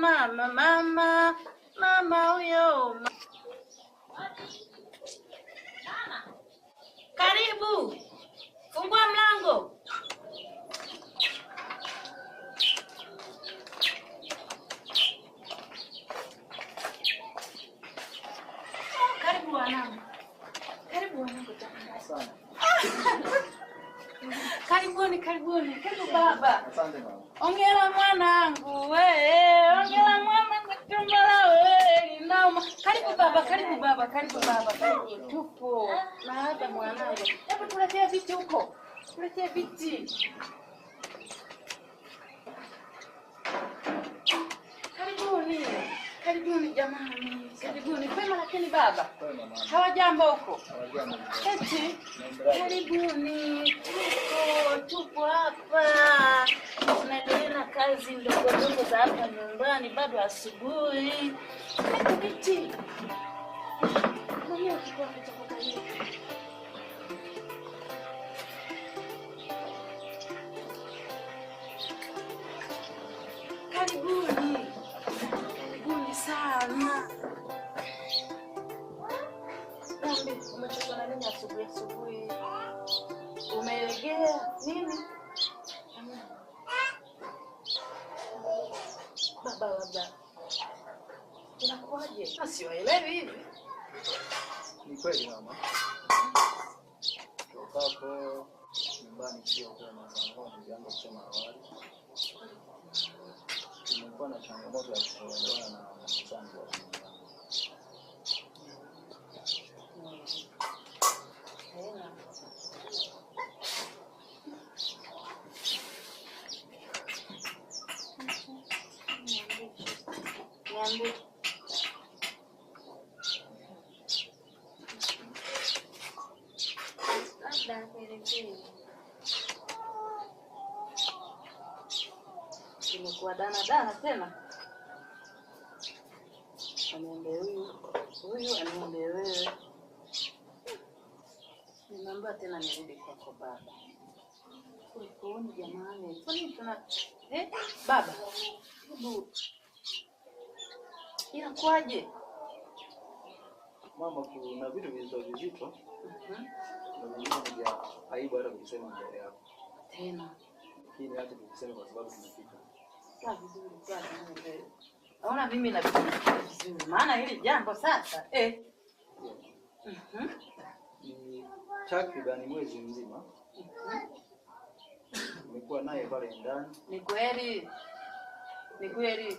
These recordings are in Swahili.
mama mama mama huyo mama. Karibu, fungua mlango. Karibuni, karibuni. Karibu baba. Asante mama. Ongela mwanangu wewe, ongela mwana kwa tumbo la wewe linauma. Karibu baba, karibu baba, karibu baba, karibu. Tupo na mwanangu. Hebu tuletea viti huko, tuletea viti. Karibuni jamani, karibuni kwema. Lakini baba hawajambo huko? Eti karibuni, tuko tuko hapa tunaendelea na kazi ndogo ndogo za hapa nyumbani, bado asubuhi. Eti karibuni Umechoka na nini asubuhi asubuhi? Umelegea nini? Baba labda inakuwaje? Siwaelewi hivi. Ni kweli mama, tokapo nyumbani sio kwa mazungumzo yangu kusema awali nilikuwa na changamoto ya kuelewana na wenzangu wa Niambie. imekuwa dana dana tena, aniambie huyu huyu, aniambie wewe. Nimeambiwa tena nirudi kwako baba. Kulikoni jamani? Kwani tuna eh, baba, hebu inakuwaje? Mama, kuna vitu vizito vizito mhm. na vingine ni aibu hata kujisema mbele yako tena, lakini hata kujisema kwa sababu tumefika kaa vizuri, kaa vizuri. Eh. Naona mimi na vizuri, maana hili jambo sasa eh. mm takriban mwezi mzima mm naye pale ndani. Ni kweli, ni kweli,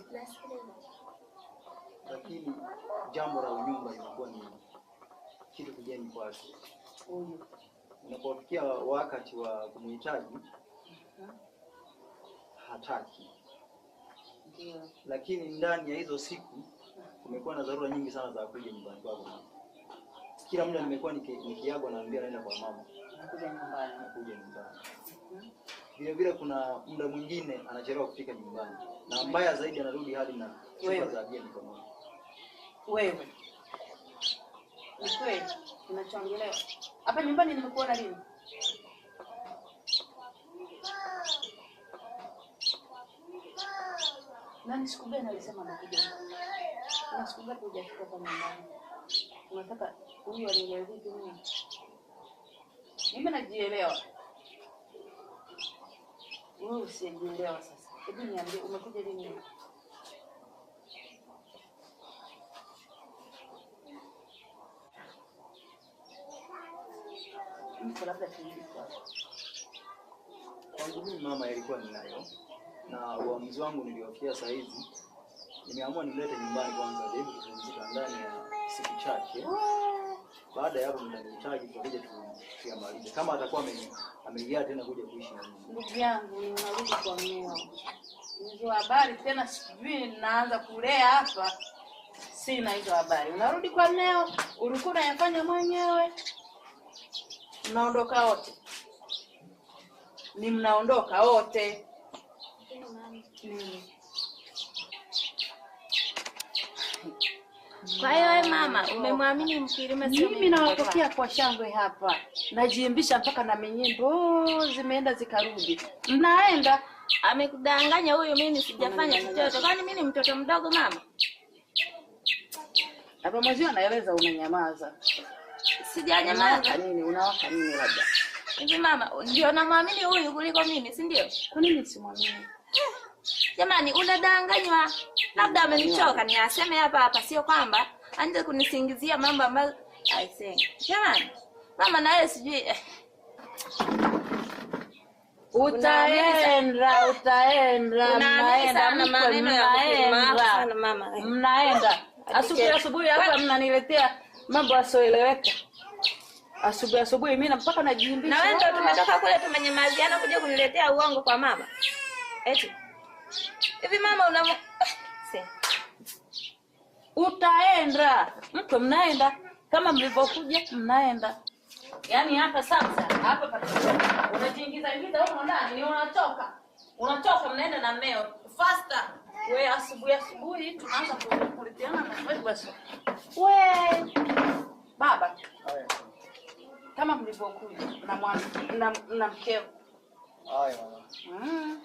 lakini jambo la unyumba inakuwa ni kitu kigeni kwake. Huyu unapofikia wakati wa kumhitaji mhm. hataki lakini ndani ya hizo siku kumekuwa na dharura nyingi sana za kuja nyumbani kwako. Kila muda nimekuwa nikiagwa naambia naenda kwa mama. Nakuja nyumbani. Nakuja nyumbani. Vile vile kuna muda mwingine anachelewa kufika nyumbani. Na mbaya zaidi anarudi hadi na chupa za bia mikononi. Wewe. unachoongelea. Hapa nyumbani nimekuona lini? Nani siku gani alisema anakuja? Na siku gani hujafika kwa nyumbani? Unataka huyu anielewe vipi mimi? Mimi najielewa. Wewe usijielewa sasa. Hebu niambie umekuja lini? Mko labda tulipo. Kwangu mimi mama ilikuwa ninayo na uamuzi wangu niliokea sasa hivi, nimeamua nimlete nyumbani kwanza, ndio tuzungumzika ndani ya siku chache. Baada ya hapo, mtanihitaji tutakuja tuyamalize, kama atakuwa ameingia tena kuja kuishi na mimi. Ndugu yangu, ninarudi kwa mmeo hizo habari tena, sijui naanza kulea hapa, sina hizo habari. Unarudi kwa mmeo, ulikuwa unayafanya mwenyewe, mnaondoka wote, ni mnaondoka wote kwa hiyo wewe mama umemwamini Mkirima? Mimi nawapokea kwa shangwe hapa, najiimbisha mpaka na menyimbo oh, zimeenda zikarudi. Mnaenda amekudanganya huyu, mimi sijafanya chochote. Kwani mimi ni mtoto mdogo mama? Hapa mwenzio anaeleza, unanyamaza. Sijanyamaza nini? Unawaka nini? Labda hivi mama ndio namwamini huyu kuliko mimi, si ndio? Kwa nini simwamini? Jamani, unadanganywa, labda amenichoka ni aseme hapa hapa, sio kwamba anje kunisingizia mambo ambayo I think. Jamani mama na yeye sijui eh. Utaenda, utaenda, mnaenda mnaenda, eh. mnaenda. asubuhi asubuhi hapa mnaniletea mambo yasioeleweka asubuhi asubuhi, mimi na mpaka najiimbisha. Na wewe ndio tumetoka kule tumenyamaziana kuja kuniletea uongo kwa mama eti hivi mama una ah, utaenda mtu mnaenda kama mlivyokuja mnaenda yaani hapa sasa hapa unajiingiza ingiza huko ndani ni unatoka unatoka mnaenda na mmeo faster we asubuhi asubuhi tunaanza na wewe basi we baba kama mlivyokuja na mwana na, na mkeo haya mm.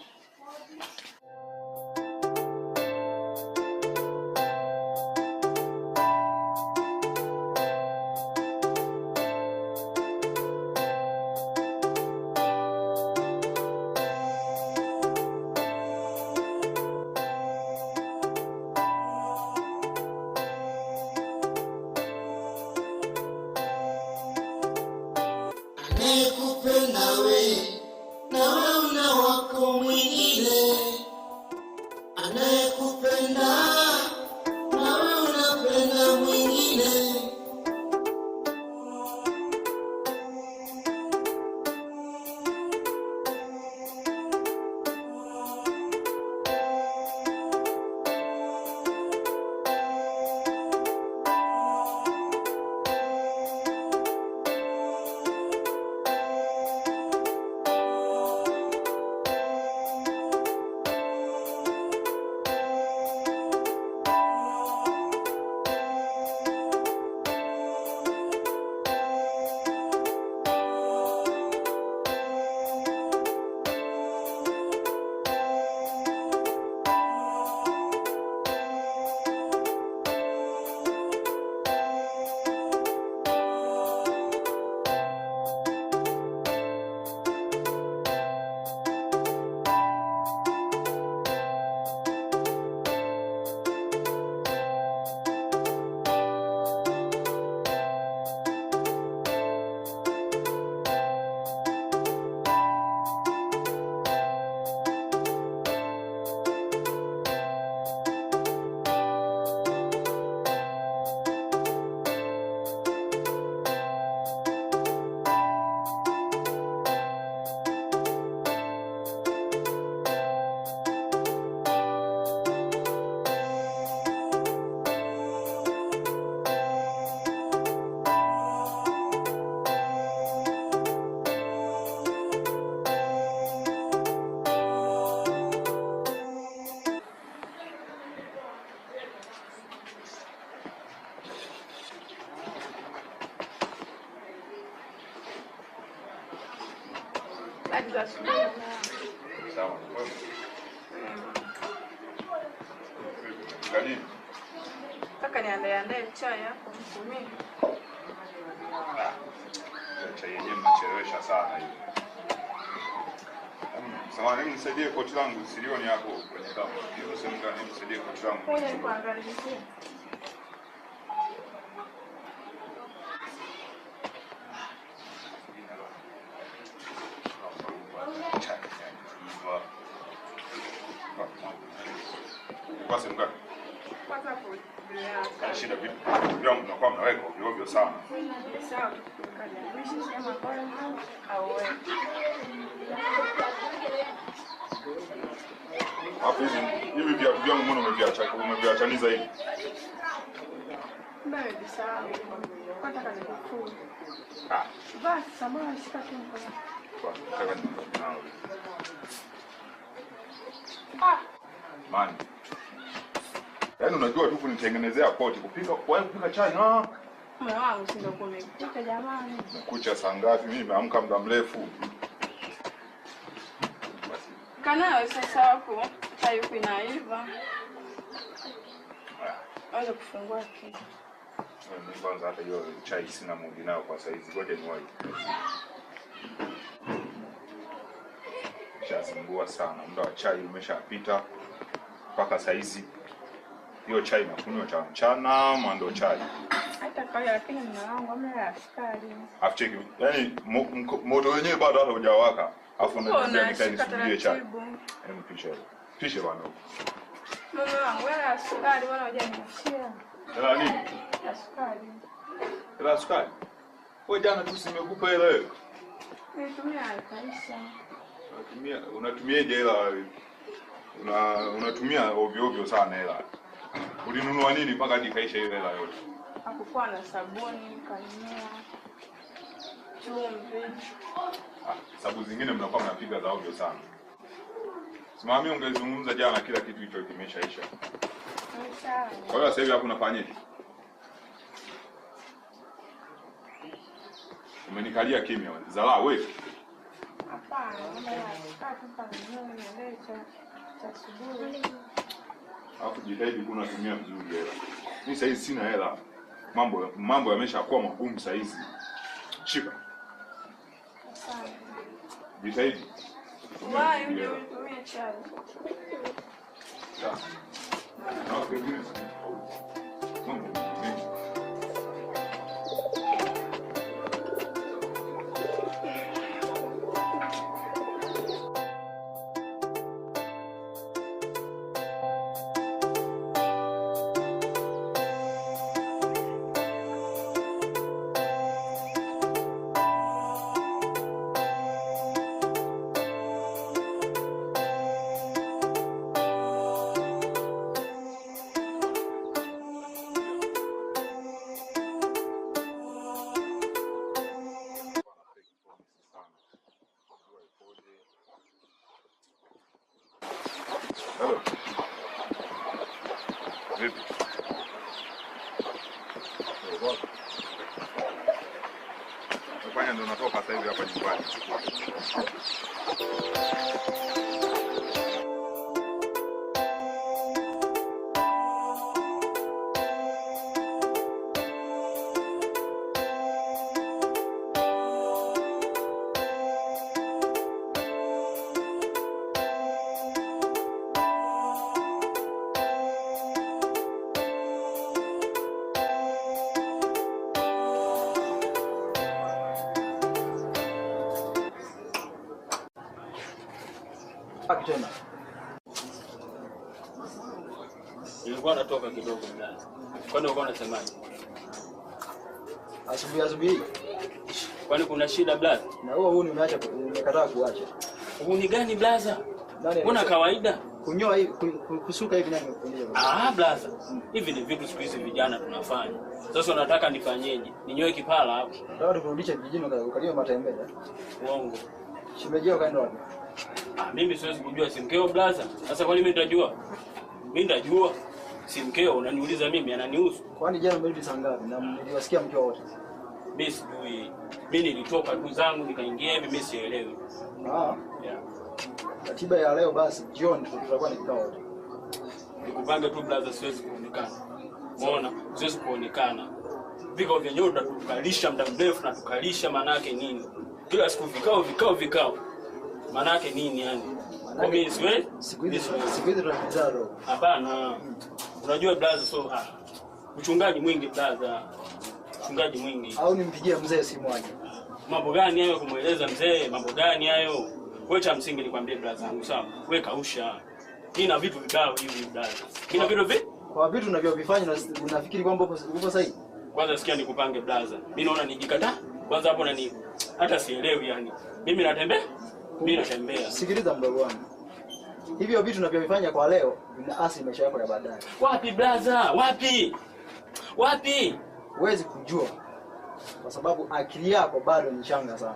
Actualization. Nataka niandae andae chai hapo mtumii. Chai yenyewe mchelewesha sana hiyo. Hmm, samahani, nisaidie koti langu silioni hapo kwenye kamba. Hiyo sehemu gani nisaidie koti langu? Kwa hiyo nafasi mkaka? Ana shida vitu vyangu mnakuwa mnaweka ovyo ovyo sana. Hapo hivi viatu vyangu mbona umeviacha umeviachaniza hivi? Ah. Mani. Yaani unajua tu kunitengenezea poti kupika kwa kupika chai na mume wangu si ndio kumekucha jamani. Kucha saa ngapi? Mimi nimeamka muda mrefu. Kana Kanawe sasa wako chai yuko inaiva. Anza kufungua kitu. Mimi kwanza hata hiyo chai sina muda nayo kwa saizi. Ngoja niwahi. Shazingua sana. Muda wa chai umeshapita mpaka saizi hiyo chai nakunywa cha mchana mwando chai yani moto wenyewe bado hata hujawaka, afu ndio chai. Hebu pisha pisha mama wala sukari wala hela jana tu simekupa hela wewe, Unatumia unatumieje hela wewe? Una unatumia ovyo ovyo sana hela Ulinunua nini mpaka hadi kaisha ile hela yote? Hakukuwa na sabuni, kanunua chumvi. Ah, sababu zingine mnakuwa mnapiga za ovyo sana. Simami, ungezungumza jana, kila kitu hicho kimeshaisha. Kwa hiyo sasa hivi hakuna unafanyaje? Umenikalia kimya wewe. Zala wewe. Hapana, mama, alafu jitahidi kuna tumia vizuri hela. Mimi sasa hizi sina hela, mambo mambo yameshakuwa magumu sasa hizi. Shika, jitahidi ndio kidogo ndani. Kwani uko unasemaje? Asubuhi asubuhi. Kwani kuna shida blaza? Na huo huni unaacha umekataa kuacha. Huni gani blaza? Kuna kawaida kunyoa hivi kusuka hivi nani unajua? Ah blaza. Hivi ni vitu siku hizi vijana tunafanya. Sasa unataka nifanyeje? Ninyoe kipala hapo. Nataka tukurudishe vijijini ukalio matembele. Uongo. Shimejeo kaenda wapi? Ah, mimi siwezi kujua simkeo mkeo blaza. Sasa kwa nini mimi nitajua? Mimi nitajua. Si mkeo unaniuliza mimi, ananihusu. Kwani jana mmelipia saa ngapi? Na niliwasikia mkiwa wote. Mimi sijui. Mimi nilitoka tu zangu nikaingia hivi, mimi sielewi. Ah. Yeah. Katiba ya leo basi jioni tutakuwa ni kikao wote. Nikupange tu brother, siwezi kuonekana. Umeona? Siwezi kuonekana. Vikao vyenyewe tutakalisha muda mrefu na tukalisha manake nini? Kila siku vikao vikao vikao. Manake nini yani? Kwa mimi siwezi. Siku hizi siku hizi tunapizana. Hapana. Unajua brother, so ah, mchungaji mwingi brother, mchungaji mwingi. Au nimpigie mzee simu aje? Mambo gani hayo kumweleza mzee? Mambo gani hayo? Wewe cha msingi nikwambie brother yangu, sawa? Wewe kausha. na vitu vibao hivi brother. kina vitu vipi? Kwa vitu unavyovifanya na unafikiri kwamba uko uko sahihi? Kwanza sikia nikupange brother. Mimi naona nijikata. Kwanza hapo na ni hata sielewi yani. Mimi natembea. Mimi natembea. Sikiliza mdogo wangu hivyo vitu unavyovifanya kwa leo vinaathiri maisha yako ya baadaye. Wapi brother? Wapi? Wapi? Huwezi kujua kwa sababu akili yako bado ni changa sana.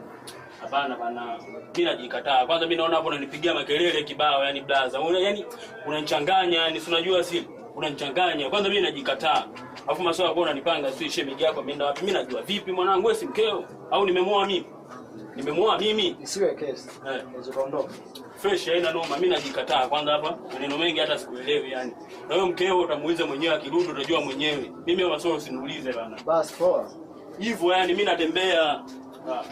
Hapana bana, mimi najikataa kwanza. Mimi naona hapo unanipigia makelele kibao, yani blaza, yani unanichanganya, yani si unajua, si unanichanganya. Kwanza mimi najikataa, alafu maswala kwa unanipanga, si shemigi yako ameenda wapi? Mimi najua vipi mwanangu, wewe si mkeo au nimemwoa mimi? Nimemwoa mimi. Nisiwe kesi. Eh. Ukaondoka. Fresh haina eh, noma, mimi najikataa kwanza hapa. Maneno mengi hata sikuelewi yani. Na wewe mkeo utamuuliza mwenyewe akirudi utajua mwenyewe. Mimi hapa sio usiniulize bana. Bas poa. Hivyo yani mimi natembea. Ah.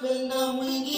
up and I'm winning.